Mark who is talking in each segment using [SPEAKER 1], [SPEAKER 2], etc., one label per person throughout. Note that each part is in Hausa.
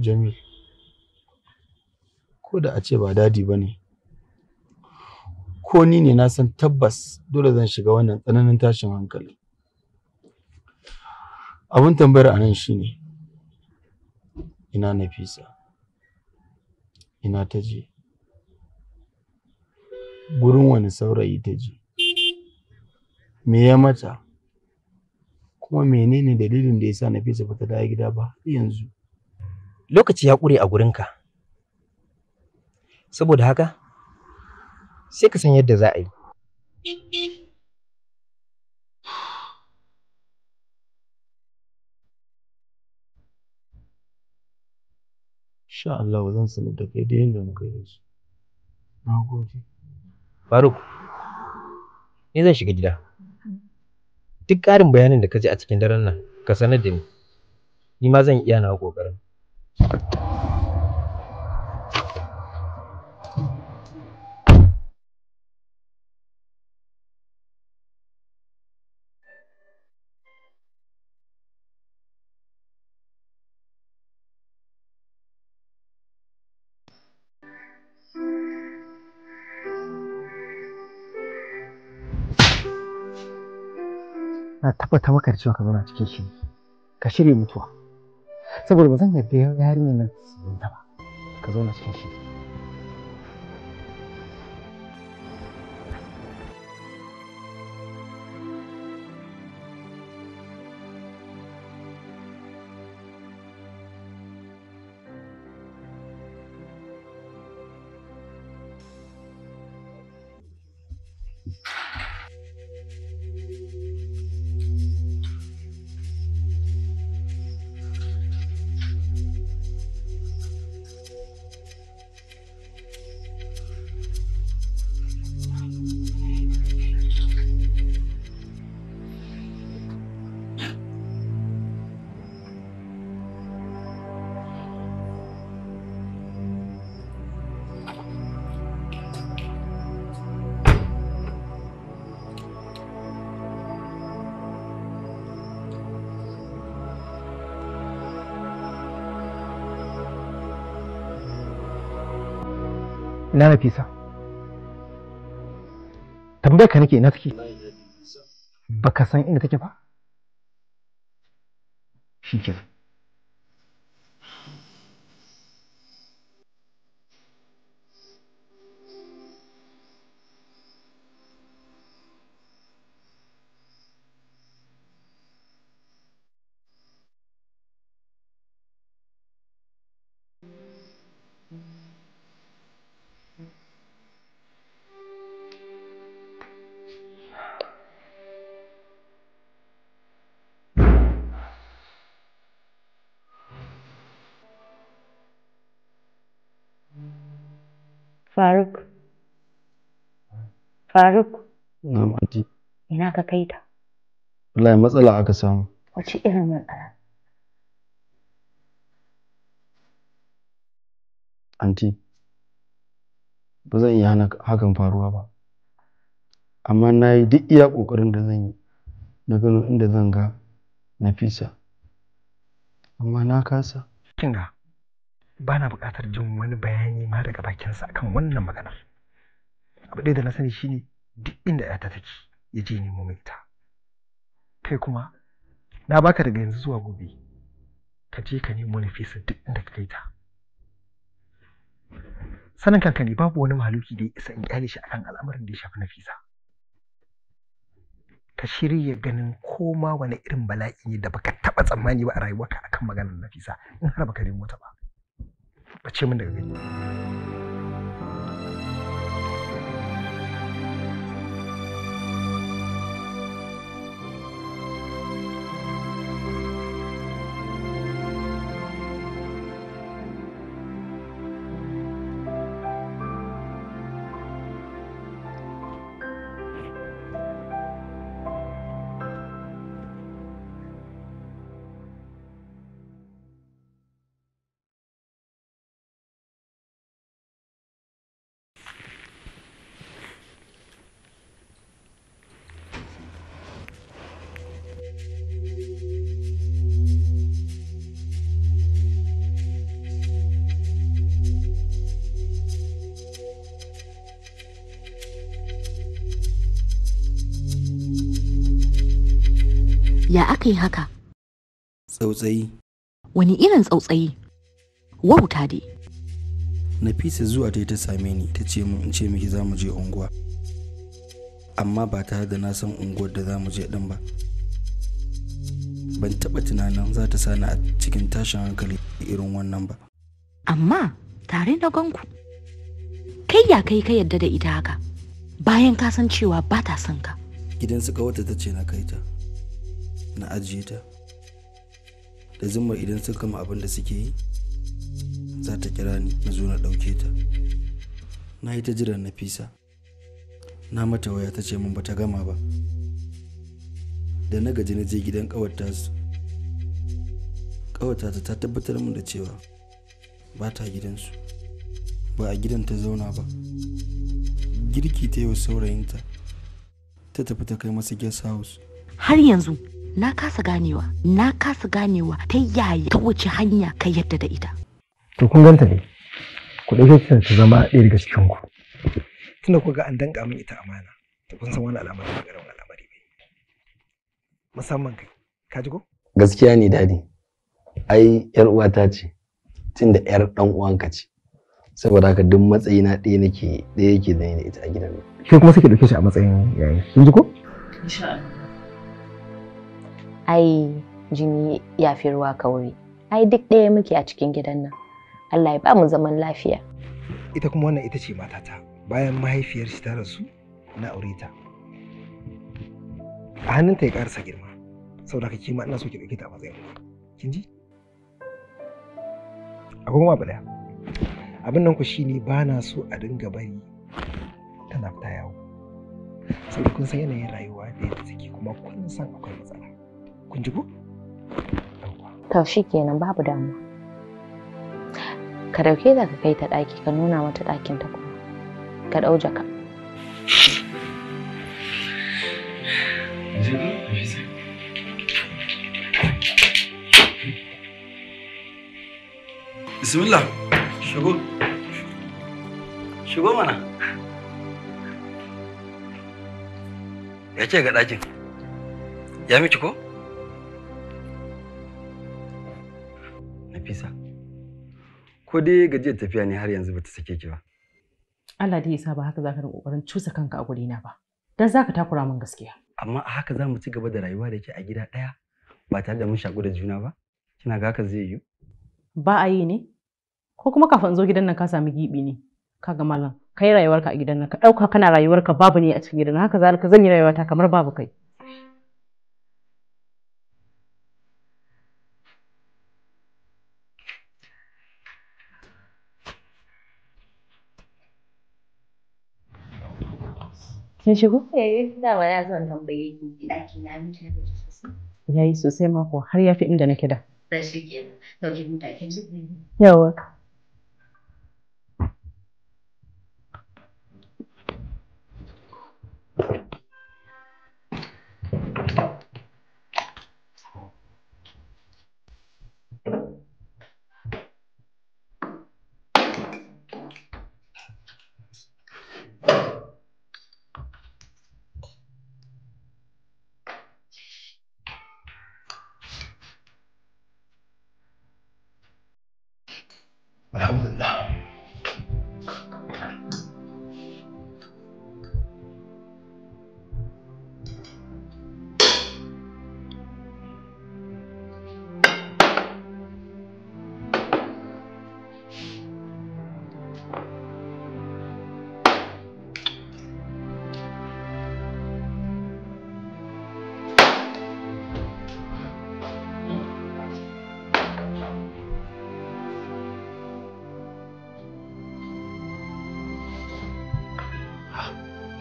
[SPEAKER 1] Jamil, ko da a ce ba dadi ba ne, ko ni ne na san tabbas dole zan shiga wannan tsananin tashin hankali. Abin tambayar a nan shi ina Nafisa, ina ta je, gurin wani saurayi ta je, me ya mata, kuma menene dalilin da ya sa Nafisa bata ta dawo gida ba har yanzu. lokaci ya
[SPEAKER 2] ƙure a gurinka saboda haka sai ka san yadda za a yi
[SPEAKER 3] Sha Allah zan sanar da kai da muka yi
[SPEAKER 2] Faruk, ni zan shiga gida. Duk ƙarin bayanin da ka ji a cikin daren nan, ka sanar da ni. Ni ma zan iya na ƙoƙarin. na tabbata maka da cewa ka zauna cikin shi ka shirya mutuwa saboda ba zan yarda yarinyar nan ta ba ka zauna cikin shi ina nafisa tambayar ka nake ina take baka san inda take ba shi kenan
[SPEAKER 4] Faruk. Faruk. Na'am anti. Ina ka kai ta?
[SPEAKER 1] Wallahi matsala aka samu. Wace irin matsala? Anti. Ba zan iya hana hakan faruwa ba. Amma na yi duk iya ƙoƙarin da zan yi na gano inda zan ga Nafisa. Amma na kasa. Kinga.
[SPEAKER 2] ba na buƙatar jin wani bayani ma daga bakinsa akan wannan maganar abu ɗaya da na sani shine duk inda ya ta take ya je nemo mai kai kuma na baka daga yanzu zuwa gobe ka je ka nemo nafisa duk inda ka kai ta sanin kanka ne babu wani mahaluki da ya isa in kyale shi akan al'amarin da ya shafi nafisa ka shirya ganin koma wani irin bala'i ne da baka taɓa tsammani ba a rayuwarka akan maganar nafisa in har baka nemo ta ba achievement ഒക്കെ കഴിഞ്ഞു
[SPEAKER 3] ya
[SPEAKER 4] aka yi haka
[SPEAKER 1] tsautsayi
[SPEAKER 4] wani irin tsautsayi wauta
[SPEAKER 1] dai nafisa zuwa ta ta same ni ta ce min in ce miki za mu je unguwa amma ba tare da na san unguwar da za mu je ɗin ba ban taɓa tunanin za ta sani a cikin tashin hankali irin wannan ba
[SPEAKER 4] amma tare na ganku kai ya kai ka yadda da ita haka bayan ka san cewa ba ta son ka
[SPEAKER 1] Gidan suka wata ta ce na kai ta na ajiye ta da zuma idan sun gama abin da suke yi za ta kira ni na zo na ɗauke ta na yi ta jira na fisa na mata waya ta ce min ba ta gama ba da na gaji na je gidan ƙawarta su Ƙawarta ta tabbatar min da cewa ba ta gidansu ba a gidan ta zauna ba girki ta yi wa saurayinta ta tafi ta kai masu guest house
[SPEAKER 4] har yanzu na kasa ganewa na kasa ganewa ta yaya ta wuce hanya ka yadda da ita
[SPEAKER 1] to kun
[SPEAKER 2] ganta ne ku ɗauke ta ta zama ɗaya daga cikin ku
[SPEAKER 4] tunda ku ga an danka min
[SPEAKER 2] ita amana to kun san wani alamar ba garin al'amari ne musamman kai ka ji ko
[SPEAKER 1] gaskiya ne dadi ai yar uwata ce tunda yar dan uwanka ce saboda haka duk matsayi na ɗaya nake ɗaya yake da ita a gidan
[SPEAKER 2] ke kuma suke ɗauke shi a matsayin yayi. Kin ji ko?
[SPEAKER 1] Insha Allah.
[SPEAKER 4] ai jini ya fi ruwa kauri ai duk ɗaya muke a cikin gidan nan Allah ya ba mu zaman lafiya ita kuma wannan ita ce matata
[SPEAKER 2] bayan mahaifiyar shi ta rasu na aure ta a hannunta ya karasa girma saboda ka kima ina so ki dauke ta a matsayin kin ji akwai kuma bala abin nan ku shine ba na so a dinga bari tana fita yawo saboda kun san yanayin rayuwa da yadda take kuma kun san akwai matsala kun
[SPEAKER 4] ji ko to shikenan babu damuwa ka dauke ta ka kai ta ɗaki ka nuna mata ɗakin ta kuma ka dau jaka
[SPEAKER 1] Bismillah, shigo. Shigo mana. Ya ce ga ɗakin. Ya miki ko? Ko dai gajiyar tafiya ne har yanzu bata sake ki ba.
[SPEAKER 4] Allah dai ya sa ba haka zaka rinka kokarin cusa kanka a guri na ba. Dan zaka takura min gaskiya.
[SPEAKER 1] Amma a haka za mu ci gaba da rayuwa da ke a gida ɗaya ba tare da mun shaku da juna ba. Kina ga haka zai yiwu?
[SPEAKER 4] Ba a yi ne? Ko kuma kafin zo gidan nan ka sami gibi ne? Kaga malam, kai rayuwarka a gidan nan ka ɗauka kana rayuwarka babu ne a cikin gidan haka zalika zan yi rayuwata kamar babu kai. Ya shigo? Eh, dama na zo in tambaye ki ɗaki na miki da miki sosai. Yayi sosai mako har ya fi inda nake da. Da shi kenan. Dauki mutane. Yawa.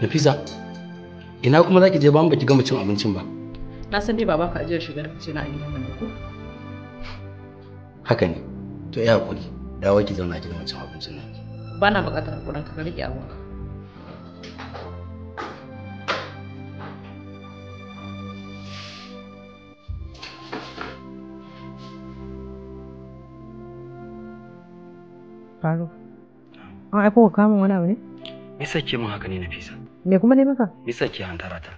[SPEAKER 1] pizza ina kuma zaki je ba mu baki gama cin abincin ba.
[SPEAKER 4] Na san dai baba ka je shiga da fice na a gidan nan ko?
[SPEAKER 1] Haka ne. To ya hakuri, dawo ki zauna ki gama cin abincin nan.
[SPEAKER 4] Ba na buƙatar hakurin ka rike abun Faru. An aiko ka kama wani abu ne?
[SPEAKER 1] Me yasa ke mun haka ne Nafisa?
[SPEAKER 4] Me kuma ne maka?
[SPEAKER 1] Me yasa ke hantara ta?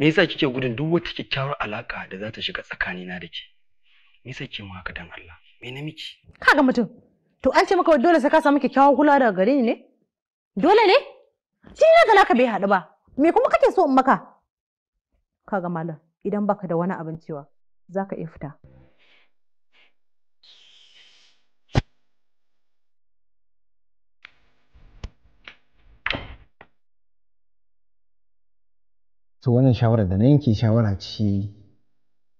[SPEAKER 1] Me yasa kike gudun duk wata kyakkyawar alaka da za ta shiga tsakanina da ke? Me yasa ke mun haka dan Allah? Me na miki? Kaga mutum. To
[SPEAKER 4] an ce maka dole sai ka samu kikkiawar kula daga gare ni ne? Dole ne? Shi ne da naka bai haɗu ba. Me kuma kake so in maka? Kaga malam, idan baka da wani abin cewa, za ka iya fita.
[SPEAKER 2] to wannan shawarar da na yanke shawara ce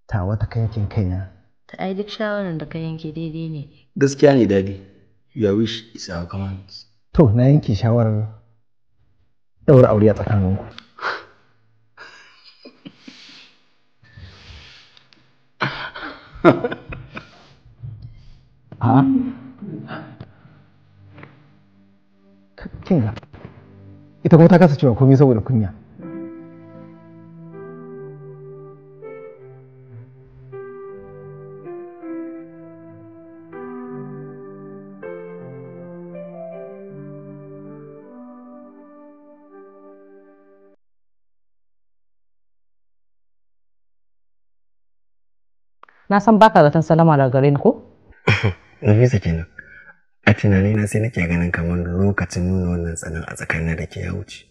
[SPEAKER 2] ta wata kankin kaina
[SPEAKER 4] ta ai duk shawarar da ka yanke daidai ne
[SPEAKER 1] gaskiya ne dadi your wish is our command
[SPEAKER 2] to na yanke shawarar daura aure a
[SPEAKER 1] tsakaninku ha ah?
[SPEAKER 2] kin ita kuma ta kasa cewa komai saboda kunya
[SPEAKER 4] na san baka zaton salama daga gare ni ko
[SPEAKER 3] Nafisa kenan
[SPEAKER 1] a tunani na sai nake ganin kamar lokacin nuna wannan tsanin a tsakanin da ke ya wuce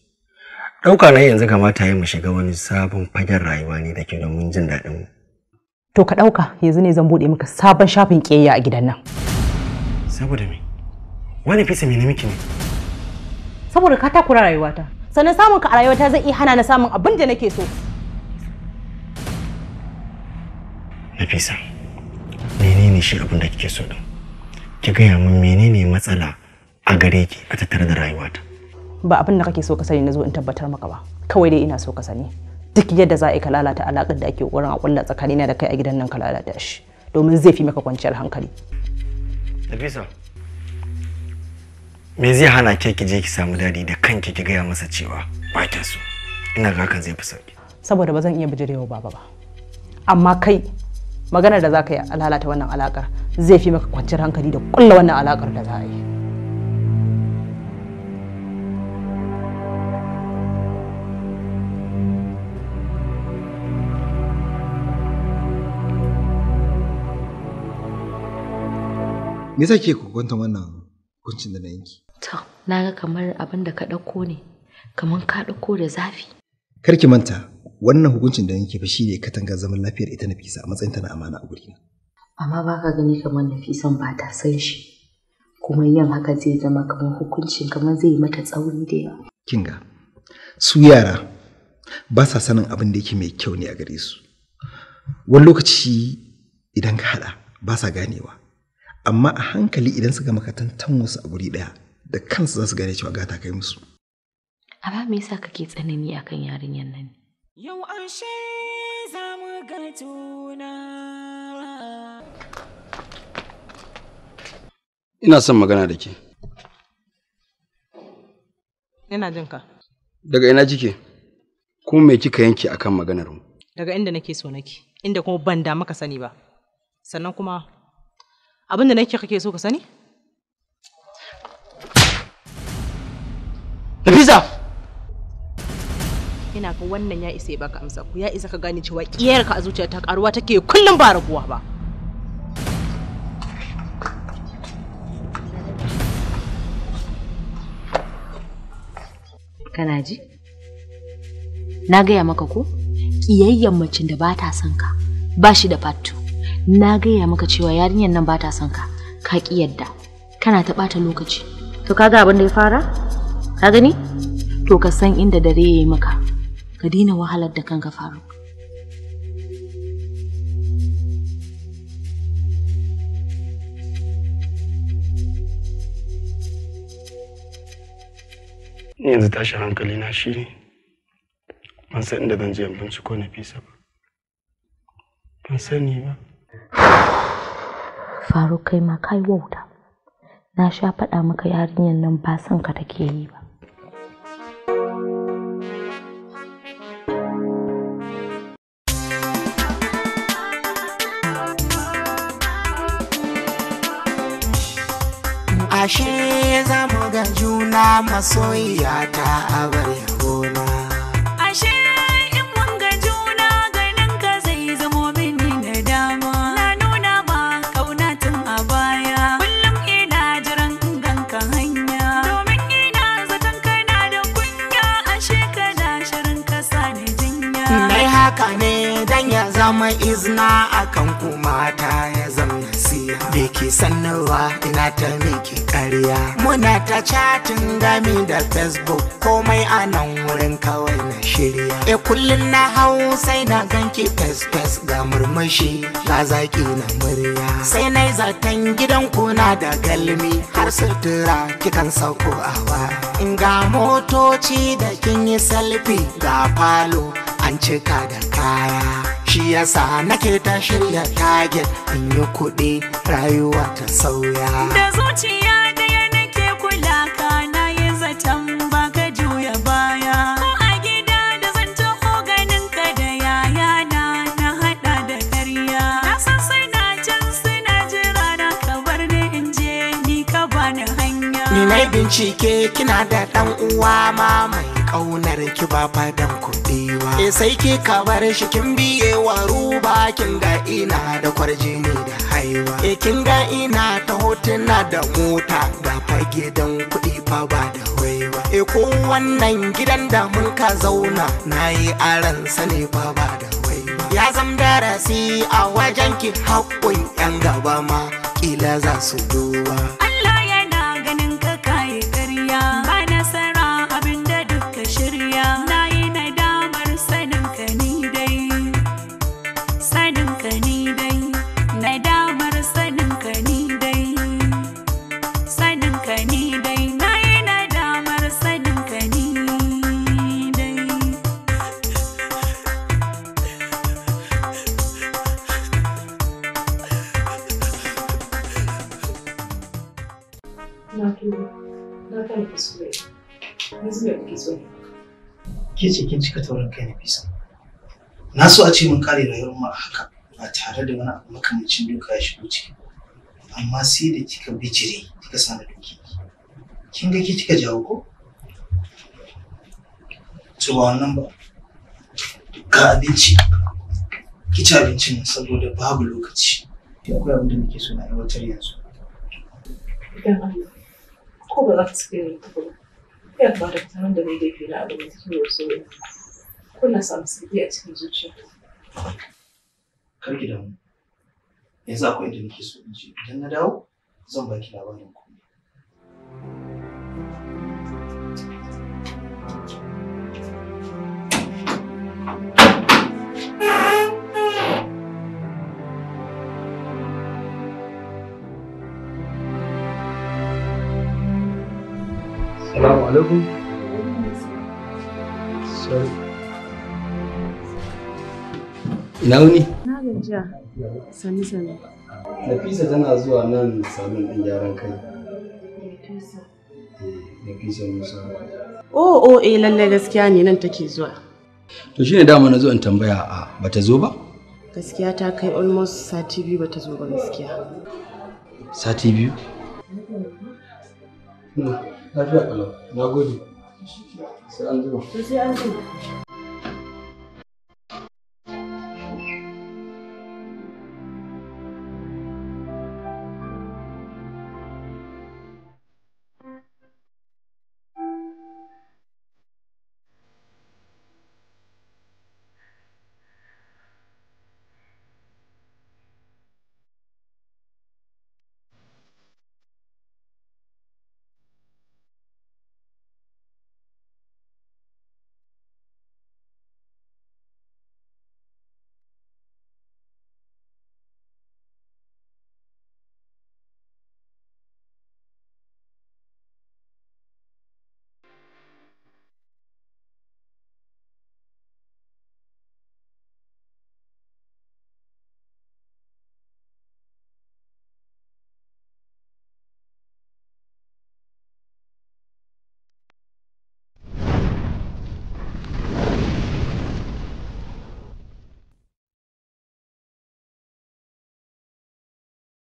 [SPEAKER 1] ɗauka na yanzu kamata yi mu shiga wani sabon fagen rayuwa ne da ke domin jin daɗin mu
[SPEAKER 4] to ka ɗauka yanzu ne zan buɗe maka sabon shafin ƙeya a gidan nan
[SPEAKER 3] saboda me wani fisa me miki ne
[SPEAKER 4] saboda ka takura rayuwata sannan samun ka a rayuwata zai iya hana na samun abin da nake so
[SPEAKER 3] Nafisa, menene shi abin da kike so din? Ki gaya min menene matsala a gare ki a tattare da rayuwata?
[SPEAKER 4] Ba abin da kake so ka sani na zo in tabbatar maka ba. Kawai dai ina so ka sani. Duk yadda za a ka lalata alaƙar da ake wurin a ƙulla tsakanina da kai a gidan nan ka lalata shi. Domin zai fi maka kwanciyar hankali.
[SPEAKER 1] Nafisa, me zai hana ke ki je ki samu dadi da kanki ki gaya masa cewa ba ta so. Ina ga hakan zai fi sauki.
[SPEAKER 4] Saboda ba zan iya bijirewa baba ba. Amma kai maganar da za ka yi lalata wannan alakar zai fi maka kwanciyar hankali da kulla wannan alakar da za
[SPEAKER 3] a yi
[SPEAKER 2] me yasa ke kwanta wannan hukuncin da na yanki
[SPEAKER 4] to na ga kamar abin da ka ɗauko ne kamar ka ɗauko da zafi
[SPEAKER 2] kar ki manta wannan hukuncin da nake fa shi ne katanga zaman lafiyar ita Nafisa a matsayin ta na amana a gurina
[SPEAKER 4] amma ba ka gani kamar Nafisan ba ta san shi kuma yin haka zai zama kamar hukuncin kamar zai mata tsauri da yawa
[SPEAKER 2] kinga su yara ba sa sanin abin da yake mai kyau ne a gare su wani lokaci idan ka hada ba sa ganewa amma a hankali idan suka maka tantan wasu a guri daya da kansu za su gane cewa gata kai musu
[SPEAKER 4] amma me yasa kake tsanani akan yarinyar nan yau she za mu ga tuna
[SPEAKER 1] ina son magana da ke ina jin ka daga ina kike ko me kika yanke akan maganar mu
[SPEAKER 4] daga inda nake so nake inda kuma ban da maka sani ba sannan kuma abin da nake kake so ka sani Nafisa! kina ga wannan ya isa baka amsa ku ya isa ka gane cewa kiyar ka a zuciya ta karuwa take kullum ba raguwa ba kana ji na gaya maka ko kiyayyen macin da ba ta son ka ba shi da fatu na gaya maka cewa yarinyar nan ba ta son ka ka ki yadda kana ta ɓata lokaci to kaga abin da ya fara ka gani to ka san inda dare yayi maka ka dina wahalar da kanka faruk
[SPEAKER 1] yanzu tashi hankali na shi ne ban san inda zan je in binciko na fisa ba ban
[SPEAKER 4] sani ba faru kai ma kai wauta na sha faɗa maka yarinyar nan ba son ka take yi ba
[SPEAKER 3] ashe za mu ga juna masoyiya ta abar gona ashe in mun ga juna ganin ka zai zamo mini
[SPEAKER 4] na dama na nuna ma kauna tun a baya kullum ina jiran ganka hanya domin ina zaton kana da kunya ashe kana shirin kasa da jinya dai haka
[SPEAKER 3] ne dan ya zama izna akan kuma ke sanarwa ina ta miki ƙarya muna ta chatin gami da facebook komai a nan wurin kawai na shirya e kullum na hau sai na ganki fes fes ga murmushi ga zaki na murya sai na yi zaton gidan kuna da galmi har sutura kikan sauko a in ga motoci da kin yi salfi ga falo an cika da kaya shi yasa nake ta shirya target in yi kuɗi rayuwa ta sauya da zuciya
[SPEAKER 4] daya nake kula ka na yi zaton baka juya baya a gida da zan taho ganin ka da yaya na na hada da ƙarya na san suna can suna jira na kabar ni in je ni ka bani hanya ni na
[SPEAKER 3] bincike kina da ɗan uwa ma mai ƙaunar ki ba fadan kuɗi e sai ke kabar shi kin biye wa ruba kin ga ina da kwarje ne da haiwa e eh, kin ga ina ta hotuna da mota ga fage dan kuɗi fa ba da waiwa e eh, ko wannan gidan da mun ka zauna nayi aran sani fa ba da waiwa ya zam darasi a wajen ki haƙƙun yan gaba ma kila za su duba
[SPEAKER 2] ke ce kin cika tauran kai na fisa na so a ce mun kare rayuwar mu haka ba tare da wani abu makamancin doka ya shigo ciki amma sai da kika bijire kika sani doki kin ga ki kika jawo ko to ba wannan ba ga abinci ki ci abincin saboda babu lokaci ki akwai abin da nake so na aiwatar yanzu
[SPEAKER 3] idan Allah
[SPEAKER 4] ko ba za ka tsaya ba ya ba ka da ni laifi na abin da take wasu ne Kuna samu sauki a cikin zuciya kar ki damu
[SPEAKER 2] yanzu akwai inda nake so in je idan na dawo zan baki labarin ku
[SPEAKER 3] Assalamu alaikum.
[SPEAKER 1] Sorry. Ina wuni? Nafisa tana zuwa nan salon ɗin gyaran kai. Eh, Nafisa Musa.
[SPEAKER 4] Oh, oh, eh lallai gaskiya ne nan take zuwa.
[SPEAKER 1] To shine dama na zo in tambaya a bata zo ba?
[SPEAKER 4] Gaskiya ta kai
[SPEAKER 3] almost sati biyu bata zo ba gaskiya.
[SPEAKER 1] Sati biyu? Hmm. Lafiya ƙalau. Na gode. Sai an jima. Sai an
[SPEAKER 4] jima.